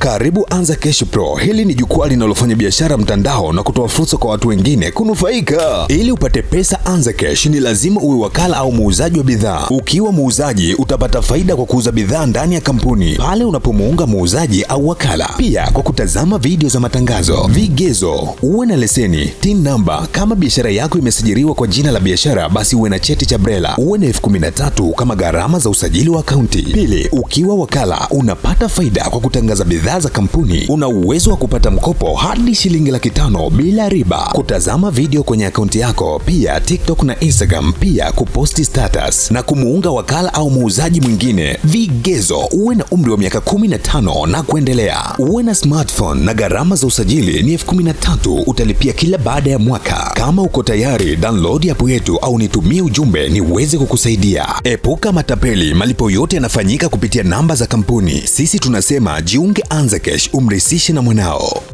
Karibu Anza Cash Pro. Hili ni jukwaa linalofanya biashara mtandao na kutoa fursa kwa watu wengine kunufaika. Ili upate pesa Anza Cash, ni lazima uwe wakala au muuzaji wa bidhaa. Ukiwa muuzaji, utapata faida kwa kuuza bidhaa ndani ya kampuni pale unapomuunga muuzaji au wakala, pia kwa kutazama video za matangazo. Vigezo: uwe na leseni, TIN number. Kama biashara yako imesajiliwa kwa jina la biashara, basi uwe na cheti cha BRELA, uwe na elfu kumi na tatu kama gharama za usajili wa akaunti. Pili, ukiwa wakala unapata faida kwa kutangaza bidhaa bidhaa za kampuni, una uwezo wa kupata mkopo hadi shilingi laki tano bila riba, kutazama video kwenye akaunti yako, pia TikTok na Instagram, pia kuposti status na kumuunga wakala au muuzaji mwingine. Vigezo: uwe na umri wa miaka 15 na kuendelea, uwe na smartphone na gharama za usajili ni elfu kumi na tatu utalipia kila baada ya mwaka. Kama uko tayari, download app yetu au nitumie ujumbe niweze kukusaidia. Epuka matapeli, malipo yote yanafanyika kupitia namba za kampuni. Sisi tunasema jiunge cash umrahisishe na mwanao.